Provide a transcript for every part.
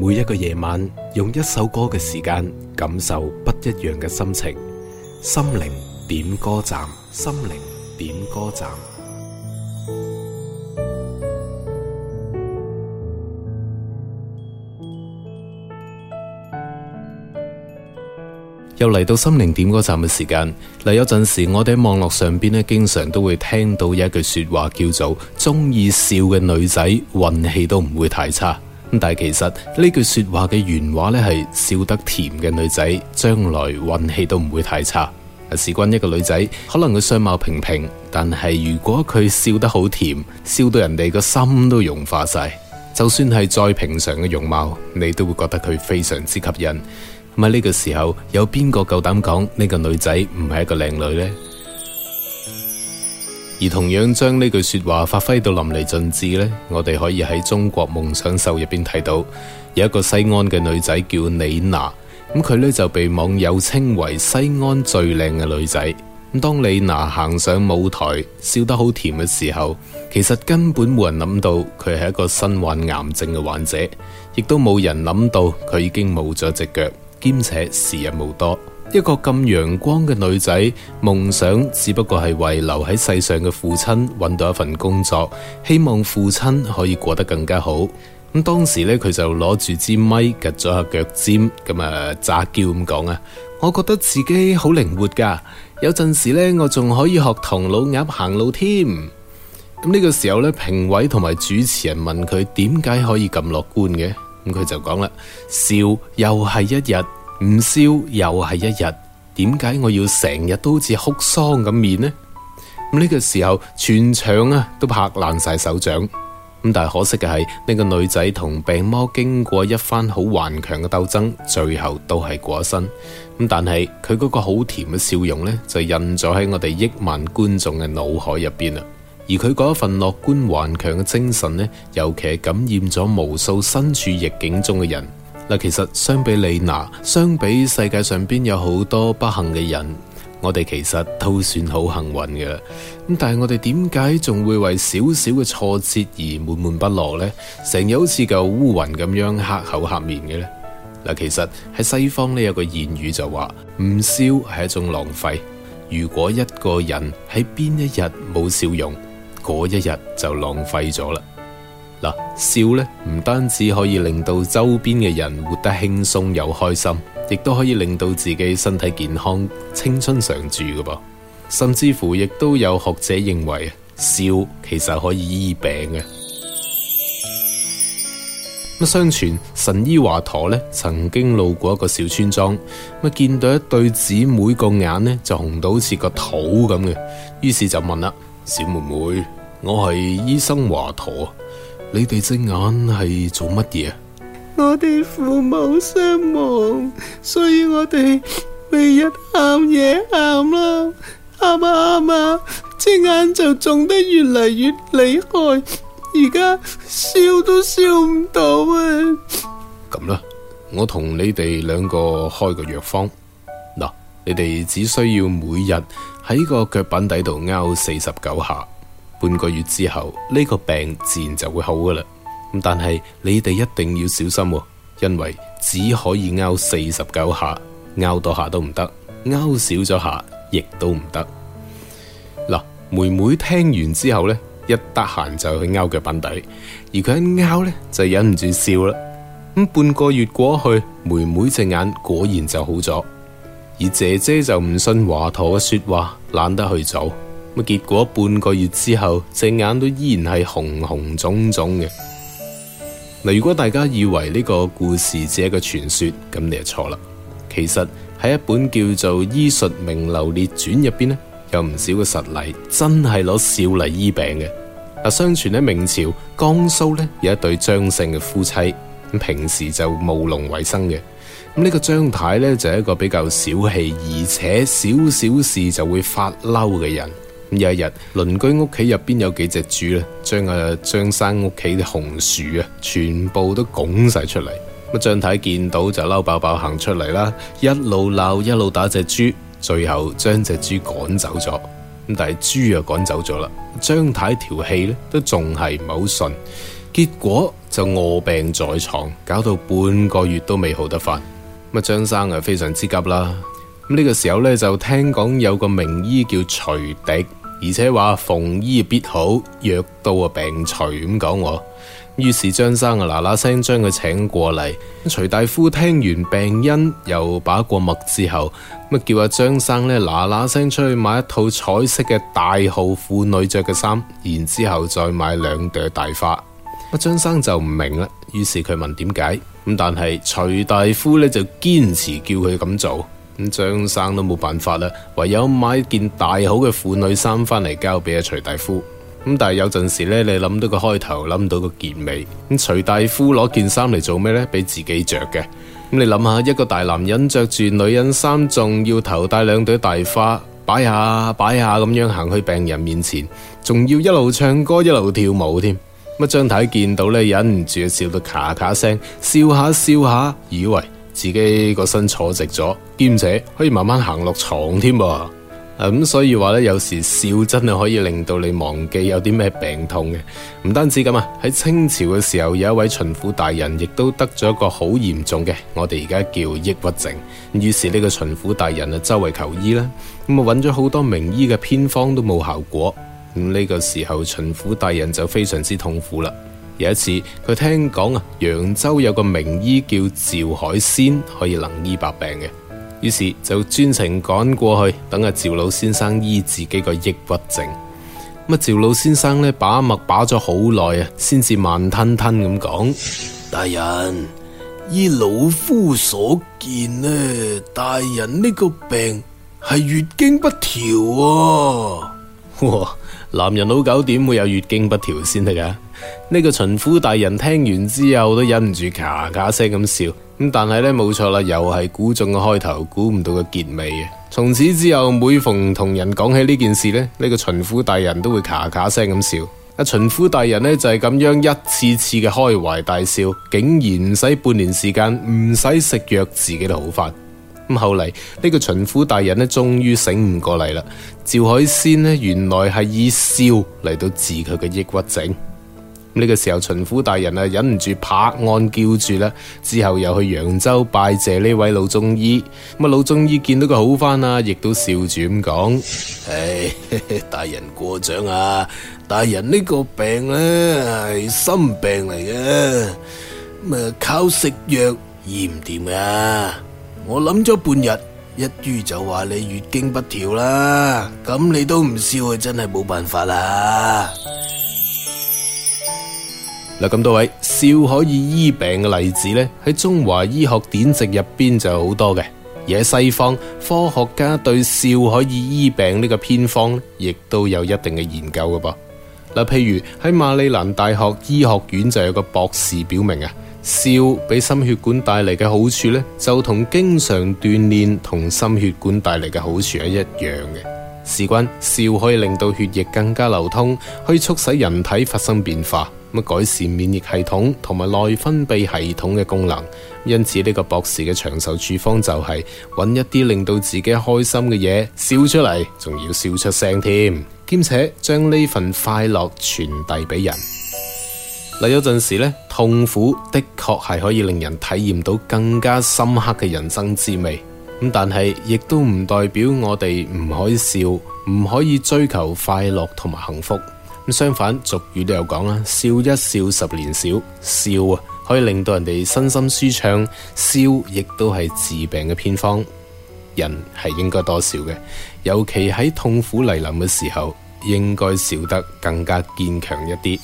每一個夜晚，用一首歌嘅時間感受不一樣嘅心情。心靈點歌站，心靈點歌站。又嚟到心靈點歌站嘅時間，嚟有陣時我哋喺網絡上邊咧，經常都會聽到一句說話，叫做：鍾意笑嘅女仔運氣都唔會太差。但其實呢句說話嘅原話咧，係笑得甜嘅女仔將來運氣都唔會太差。事關一個女仔，可能佢相貌平平，但係如果佢笑得好甜，笑到人哋個心都融化晒，就算係再平常嘅容貌，你都會覺得佢非常之吸引。咁喺呢個時候，有邊個夠膽講呢個女仔唔係一個靚女呢？而同樣將呢句説話發揮到淋漓盡致呢，我哋可以喺《中國夢想秀》入邊睇到，有一個西安嘅女仔叫李娜，咁佢呢就被網友稱為西安最靚嘅女仔。咁當李娜行上舞台，笑得好甜嘅時候，其實根本冇人諗到佢係一個身患癌症嘅患者，亦都冇人諗到佢已經冇咗隻腳，兼且時日無多。一個咁陽光嘅女仔，夢想只不過係為留喺世上嘅父親揾到一份工作，希望父親可以過得更加好。咁、嗯、當時咧，佢就攞住支咪，夾咗下腳尖，咁啊詐嬌咁講啊，我覺得自己好靈活噶，有陣時咧，我仲可以學唐老鴨行路添。咁、嗯、呢、呢個時候咧，評委同埋主持人問佢點解可以咁樂觀嘅？咁、嗯、佢就講啦，笑又係一日，唔笑又係一日，點解我要成日都好似哭喪咁面呢？咁呢個時候全場啊都拍爛晒手掌，咁但係可惜嘅係呢個女仔同病魔經過一番好頑強嘅鬥爭，最後都係過身。咁但係佢嗰個好甜嘅笑容呢，就印咗喺我哋億萬觀眾嘅腦海入邊啦。而佢嗰一份樂觀頑強嘅精神呢，尤其係感染咗無數身處逆境中嘅人。嗱，其實相比李娜，相比世界上邊有好多不幸嘅人，我哋其實都算好幸運嘅。咁但係我哋點解仲會為少少嘅挫折而悶悶不樂咧？成日好似嚿烏雲咁樣黑口黑面嘅咧？嗱，其實喺西方咧有個諺語就話唔笑係一種浪費。如果一個人喺邊一日冇笑容，嗰一日就浪費咗啦。嗱，笑咧唔單止可以令到周邊嘅人活得輕鬆又開心，亦都可以令到自己身體健康、青春常駐嘅噃。甚至乎亦都有學者認為，笑其實可以醫病嘅。咁 相傳神醫華佗咧曾經路過一個小村莊，咁見到一對姊妹個眼咧就紅到好似個肚咁嘅，於是就問啦： 小妹妹，我係醫生華佗。你哋隻眼係做乜嘢？我哋父母雙亡，所以我哋每日喊夜喊啦，喊啊喊啊，隻、啊、眼就腫得越嚟越厲害，而家笑都笑唔到啊！咁啦，我同你哋兩個開個藥方嗱，你哋只需要每日喺個腳板底度勾四十九下。半個月之後呢、呢個病自然就會好噶啦，咁但係你哋一定要小心，喎，因為只可以拗四十九下，拗多下都唔得，拗少咗下亦都唔得。嗱，妹妹聽完之後呢，一得閒就去拗腳板底，而佢一拗呢，就忍唔住笑啦。咁、嗯、半個月過去，妹妹隻眼果然就好咗，而姐姐就唔信華佗嘅說話，懶得去做。咁結果半個月之後，隻眼都依然係紅紅腫腫嘅。如果大家以為呢個故事只係個傳說，咁你就錯啦。其實喺一本叫做《醫術名流列傳》入邊咧，有唔少嘅實例，真係攞笑嚟醫病嘅。相傳喺明朝江蘇咧，有一對張姓嘅夫妻，平時就務農為生嘅。咁、這、呢個張太呢，就係、是、一個比較小氣，而且小小事就會發嬲嘅人。有一日，鄰居屋企入邊有幾隻豬咧，將阿張生屋企啲紅薯啊，全部都拱晒出嚟。咁張太見到就嬲爆爆行出嚟啦，一路鬧一路打隻豬，最後將隻豬趕走咗。但係豬又趕走咗啦，張太條氣咧都仲係唔好順，結果就臥病在床，搞到半個月都未好得返。咁張生啊非常之急啦。呢個時候咧就聽講有個名醫叫徐迪。而且話逢醫必好，藥到啊病除咁講我，於是張生啊嗱嗱聲將佢請過嚟。徐大夫聽完病因，又把過脈之後，咪叫阿張生咧嗱嗱聲出去買一套彩色嘅大號婦女着嘅衫，然之後再買兩朵大花。乜張生就唔明啦，於是佢問點解，但係徐大夫咧就堅持叫佢咁做。咁張生都冇辦法啦，唯有買件大好嘅婦女衫返嚟交畀阿徐大夫。咁但係有陣時呢，你諗到個開頭，諗唔到個結尾。咁、嗯、徐大夫攞件衫嚟做咩呢？畀自己着嘅。咁、嗯、你諗下，一個大男人着住女人衫，仲要頭戴兩朵大花，擺下擺下咁樣行去病人面前，仲要一路唱歌，一路跳舞添。乜張太，太見到呢，忍唔住笑到咔咔聲，笑下笑下，以為。哎自己個身坐直咗，兼且可以慢慢行落床添噃。咁、啊、所以話咧，有時笑真係可以令到你忘記有啲咩病痛嘅。唔單止咁啊，喺清朝嘅時候，有一位巡撫大人亦都得咗一個好嚴重嘅，我哋而家叫抑鬱症。於是呢個巡撫大人啊，周圍求醫啦，咁啊揾咗好多名醫嘅偏方都冇效果。咁、嗯、呢、這個時候，巡撫大人就非常之痛苦啦。有一次，佢聽講啊，揚州有個名醫叫趙海仙，可以能醫百病嘅，於是就專程趕過去等阿趙老先生醫自己個抑鬱症。咁啊，趙老先生咧把脈把咗好耐啊，先至慢吞吞咁講：大人，依老夫所見呢，大人呢個病係月經不調啊。哇，男人老狗點會有月經不調先得㗎？呢個巡撫大人聽完之後都忍唔住，咔咔聲咁笑咁。但係呢冇錯啦，又係估中嘅開頭，估唔到嘅結尾啊！從此之後，每逢同人講起呢件事呢，呢、這個巡撫大人都會咔咔聲咁笑。阿巡撫大人呢就係、是、咁樣，一次次嘅開懷大笑，竟然唔使半年時間，唔使食藥，自己都好翻。咁後嚟呢、這個巡撫大人呢終於醒悟過嚟啦。趙海仙呢，原來係以笑嚟到治佢嘅抑鬱症。呢個時候，巡撫大人啊，忍唔住拍案叫住啦。之後又去揚州拜謝呢位老中醫。咁啊，老中醫見到佢好翻啦，亦都笑住咁講：唉、哎，大人過獎啊！大人呢個病咧、啊、係、哎、心病嚟嘅，咁啊靠食藥醫唔掂噶。我諗咗半日，一於就話你月經不調啦。咁你都唔笑，真係冇辦法啦。嗱，咁多位笑可以醫病嘅例子咧，喺中華醫學典籍入邊就有好多嘅，而喺西方科學家對笑可以醫病呢個偏方，亦都有一定嘅研究嘅噃。嗱，譬如喺馬里蘭大學醫學院就有個博士表明啊，笑俾心血管帶嚟嘅好處咧，就同經常鍛煉同心血管帶嚟嘅好處係一樣嘅。事關笑可以令到血液更加流通，可以促使人體發生變化。改善免疫系統同埋內分泌系統嘅功能，因此呢個博士嘅長壽處方就係揾一啲令到自己開心嘅嘢，笑出嚟，仲要笑出聲添，兼且將呢份快樂傳遞畀人。嗱，有陣時咧，痛苦的確係可以令人體驗到更加深刻嘅人生滋味，咁但係亦都唔代表我哋唔可以笑，唔可以追求快樂同埋幸福。相反，俗語都有講啦，笑一笑，十年少。笑啊，可以令到人哋身心舒暢，笑亦都係治病嘅偏方。人係應該多笑嘅，尤其喺痛苦嚟臨嘅時候，應該笑得更加堅強一啲。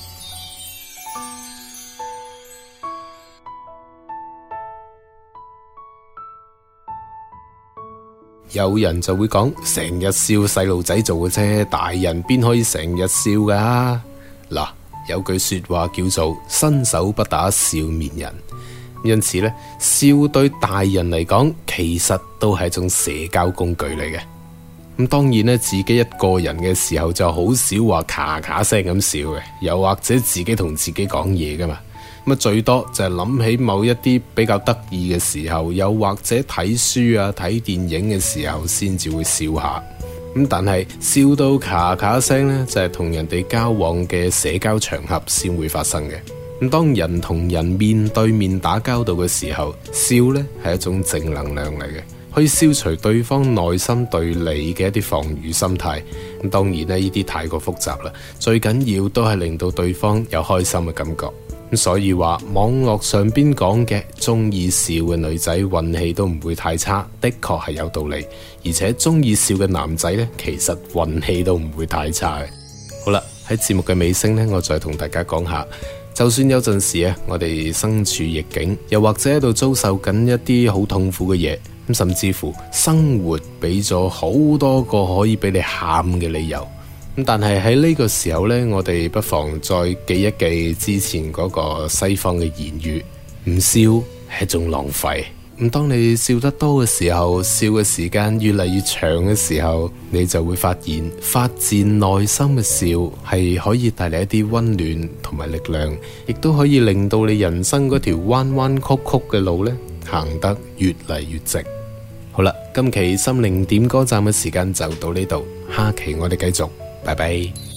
有人就會講，成日笑細路仔做嘅啫，大人邊可以成日笑噶？嗱，有句說話叫做伸手不打笑面人，因此咧，笑對大人嚟講，其實都係一種社交工具嚟嘅。咁當然咧，自己一個人嘅時候就好少話咔咔聲咁笑嘅，又或者自己同自己講嘢噶嘛最多就係諗起某一啲比較得意嘅時候，又或者睇書啊、睇電影嘅時候先至會笑下。但係笑到咔咔聲呢，就係同人哋交往嘅社交場合先會發生嘅。咁當人同人面對面打交道嘅時候，笑呢係一種正能量嚟嘅，可以消除對方內心對你嘅一啲防禦心態。咁當然呢啲太過複雜啦，最緊要都係令到對方有開心嘅感覺。所以話網絡上邊講嘅中意笑嘅女仔運氣都唔會太差，的確係有道理。而且中意笑嘅男仔呢，其實運氣都唔會太差嘅。好啦，喺節目嘅尾聲呢，我再同大家講下，就算有陣時啊，我哋身處逆境，又或者喺度遭受緊一啲好痛苦嘅嘢，咁甚至乎生活畀咗好多個可以畀你喊嘅理由。但係喺呢個時候呢，我哋不妨再記一記之前嗰個西方嘅言語，唔笑係一種浪費。咁當你笑得多嘅時候，笑嘅時間越嚟越長嘅時候，你就會發現發自內心嘅笑係可以帶嚟一啲溫暖同埋力量，亦都可以令到你人生嗰條彎彎曲曲嘅路呢，行得越嚟越直。好啦，今期心靈點歌站嘅時間就到呢度，下期我哋繼續。拜拜。